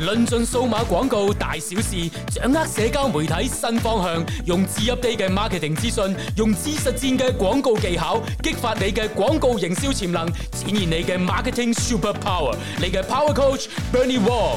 論盡數碼廣告大小事，掌握社交媒體新方向，用最 update 嘅 marketing 資訊，用最實戰嘅廣告技巧，激發你嘅廣告營銷潛能，展現你嘅 marketing super power。你嘅 power coach Bernie Wong，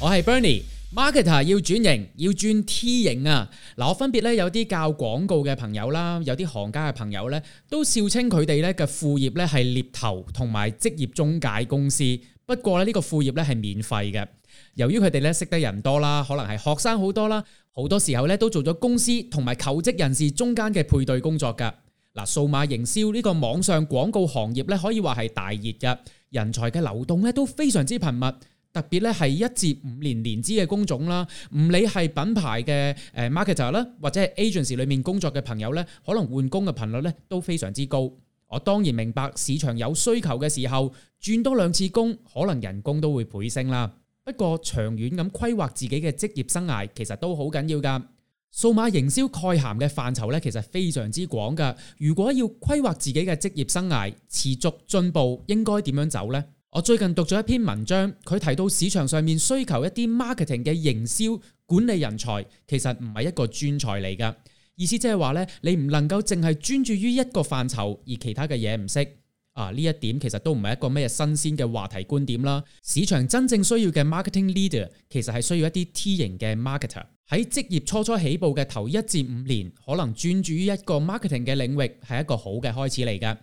我係 Bernie。marketer 要轉型，要轉 T 型啊！嗱，我分別咧有啲教廣告嘅朋友啦，有啲行家嘅朋友咧，都笑稱佢哋咧嘅副業咧係獵頭同埋職業中介公司。不過呢個副業咧係免費嘅。由於佢哋咧識得人多啦，可能係學生好多啦，好多時候咧都做咗公司同埋求職人士中間嘅配對工作噶。嗱，數碼營銷呢個網上廣告行業咧，可以話係大熱嘅，人才嘅流動咧都非常之頻密。特別咧係一至五年年資嘅工種啦，唔理係品牌嘅誒 marketer 啦，或者係 agency 裏面工作嘅朋友咧，可能換工嘅頻率咧都非常之高。我當然明白市場有需求嘅時候，轉多兩次工，可能人工都會倍升啦。不過長遠咁規劃自己嘅職業生涯，其實都好緊要㗎。數碼營銷概涵嘅範疇呢，其實非常之廣㗎。如果要規劃自己嘅職業生涯，持續進步，應該點樣走呢？我最近讀咗一篇文章，佢提到市場上面需求一啲 Marketing 嘅營銷管理人才，其實唔係一個專才嚟㗎。意思即係話咧，你唔能夠淨係專注於一個範疇，而其他嘅嘢唔識啊！呢一點其實都唔係一個咩新鮮嘅話題觀點啦。市場真正需要嘅 marketing leader 其實係需要一啲 T 型嘅 marketer。喺職業初初起步嘅頭一至五年，可能專注於一個 marketing 嘅領域係一個好嘅開始嚟㗎。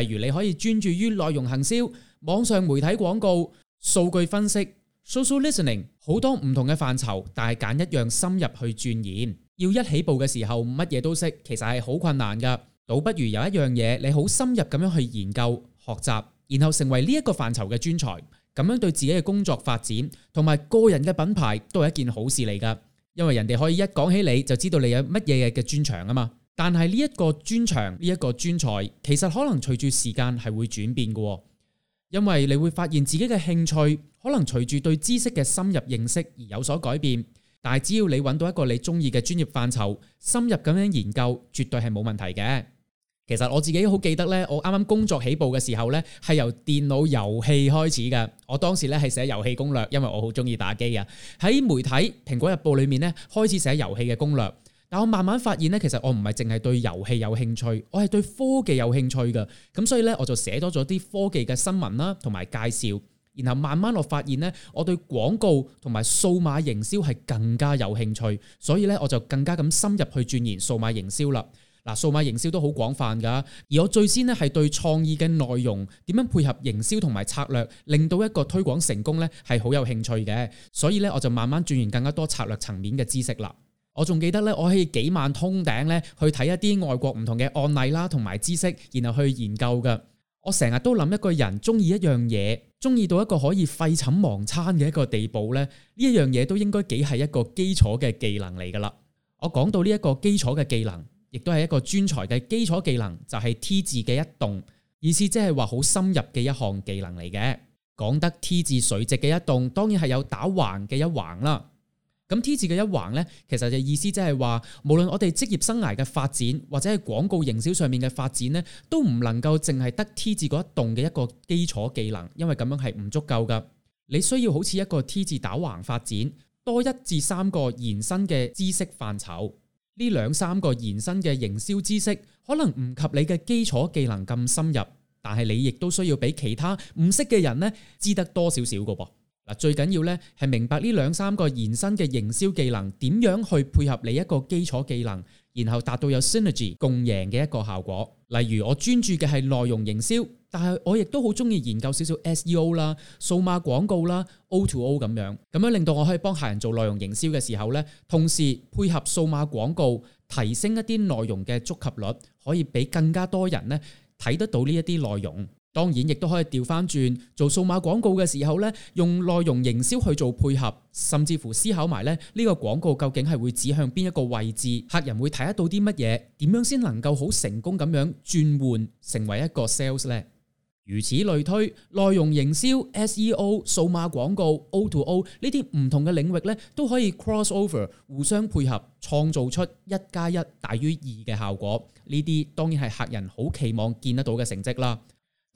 例如，你可以專注於內容行銷、網上媒體廣告、數據分析、social listening，好多唔同嘅範疇，但係揀一樣深入去鑽研。要一起步嘅時候，乜嘢都識，其實係好困難噶。倒不如有一樣嘢，你好深入咁樣去研究學習，然後成為呢一個範疇嘅專才，咁樣對自己嘅工作發展同埋個人嘅品牌都係一件好事嚟噶。因為人哋可以一講起你就知道你有乜嘢嘅專長啊嘛。但係呢一個專長，呢一個專才，其實可能隨住時間係會轉變噶，因為你會發現自己嘅興趣可能隨住對知識嘅深入認識而有所改變。但係只要你揾到一個你中意嘅專業範疇，深入咁樣研究，絕對係冇問題嘅。其實我自己好記得呢，我啱啱工作起步嘅時候呢，係由電腦遊戲開始㗎。我當時呢係寫遊戲攻略，因為我好中意打機啊。喺媒體《蘋果日報》裏面呢，開始寫遊戲嘅攻略。但我慢慢發現呢，其實我唔係淨係對遊戲有興趣，我係對科技有興趣嘅。咁所以呢，我就寫多咗啲科技嘅新聞啦，同埋介紹。然後慢慢我發現咧，我對廣告同埋數碼營銷係更加有興趣，所以咧我就更加咁深入去鑽研數碼營銷啦。嗱，數碼營銷都好廣泛㗎，而我最先咧係對創意嘅內容點樣配合營銷同埋策略，令到一個推廣成功咧係好有興趣嘅。所以咧我就慢慢鑽研更加多策略層面嘅知識啦。我仲記得咧，我可以幾萬通頂咧去睇一啲外國唔同嘅案例啦，同埋知識，然後去研究㗎。我成日都諗，一個人中意一樣嘢，中意到一個可以廢寢忘餐嘅一個地步咧，呢一樣嘢都應該幾係一個基礎嘅技能嚟噶啦。我講到呢一個基礎嘅技能，亦都係一個專才嘅基礎技能，就係、是、T 字嘅一動，意思即係話好深入嘅一項技能嚟嘅。講得 T 字垂直嘅一動，當然係有打橫嘅一橫啦。咁 T 字嘅一橫呢，其實就意思即係話，無論我哋職業生涯嘅發展，或者係廣告營銷上面嘅發展呢，都唔能夠淨係得 T 字嗰一棟嘅一個基礎技能，因為咁樣係唔足夠噶。你需要好似一個 T 字打橫發展，多一至三個延伸嘅知識範疇。呢兩三個延伸嘅營銷知識，可能唔及你嘅基礎技能咁深入，但係你亦都需要俾其他唔識嘅人呢知得多少少個噃。最緊要咧，係明白呢兩三個延伸嘅營銷技能點樣去配合你一個基礎技能，然後達到有 synergy 共贏嘅一個效果。例如，我專注嘅係內容營銷，但係我亦都好中意研究少少 SEO 啦、數碼廣告啦、O to O 咁樣，咁樣令到我可以幫客人做內容營銷嘅時候咧，同時配合數碼廣告，提升一啲內容嘅觸及率，可以俾更加多人咧睇得到呢一啲內容。當然，亦都可以調翻轉做數碼廣告嘅時候咧，用內容營銷去做配合，甚至乎思考埋咧呢個廣告究竟係會指向邊一個位置，客人會睇得到啲乜嘢，點樣先能夠好成功咁樣轉換成為一個 sales 呢？如此類推，內容營銷、SEO、數碼廣告、O to O 呢啲唔同嘅領域咧，都可以 cross over 互相配合，創造出一加一大於二嘅效果。呢啲當然係客人好期望見得到嘅成績啦。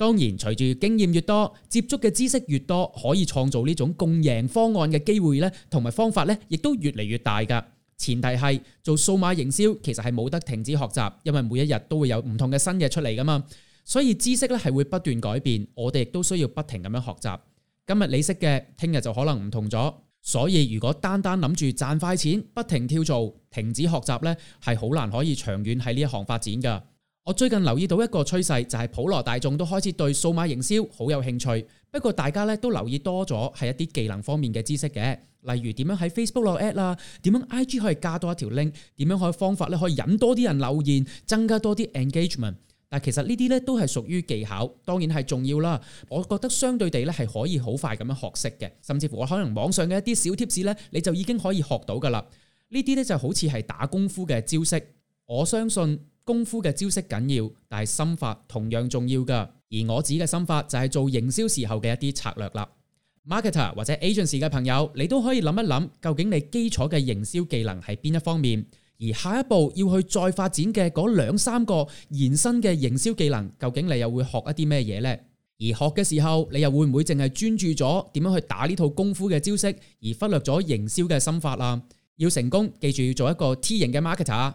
當然，隨住經驗越多，接觸嘅知識越多，可以創造呢種共贏方案嘅機會咧，同埋方法咧，亦都越嚟越大噶。前提係做數碼營銷，其實係冇得停止學習，因為每一日都會有唔同嘅新嘢出嚟噶嘛。所以知識咧係會不斷改變，我哋亦都需要不停咁樣學習。今日你識嘅，聽日就可能唔同咗。所以如果單單諗住賺快錢，不停跳槽，停止學習咧，係好難可以長遠喺呢一行發展噶。我最近留意到一個趨勢，就係、是、普羅大眾都開始對數碼營銷好有興趣。不過大家咧都留意多咗，係一啲技能方面嘅知識嘅，例如點樣喺 Facebook 落 ad 啦，點樣 IG 可以加多一條 link，點樣可以方法咧可以引多啲人留言，增加多啲 engagement。但其實呢啲咧都係屬於技巧，當然係重要啦。我覺得相對地咧係可以好快咁樣學識嘅，甚至乎我可能網上嘅一啲小貼士咧，你就已經可以學到噶啦。呢啲咧就好似係打功夫嘅招式，我相信。功夫嘅招式緊要，但係心法同樣重要噶。而我指嘅心法就係做營銷時候嘅一啲策略啦。Marketer 或者 agency 嘅朋友，你都可以諗一諗，究竟你基礎嘅營銷技能係邊一方面？而下一步要去再發展嘅嗰兩三個延伸嘅營銷技能，究竟你又會學一啲咩嘢呢？而學嘅時候，你又會唔會淨係專注咗點樣去打呢套功夫嘅招式，而忽略咗營銷嘅心法啊？要成功，記住要做一個 T 型嘅 Marketer。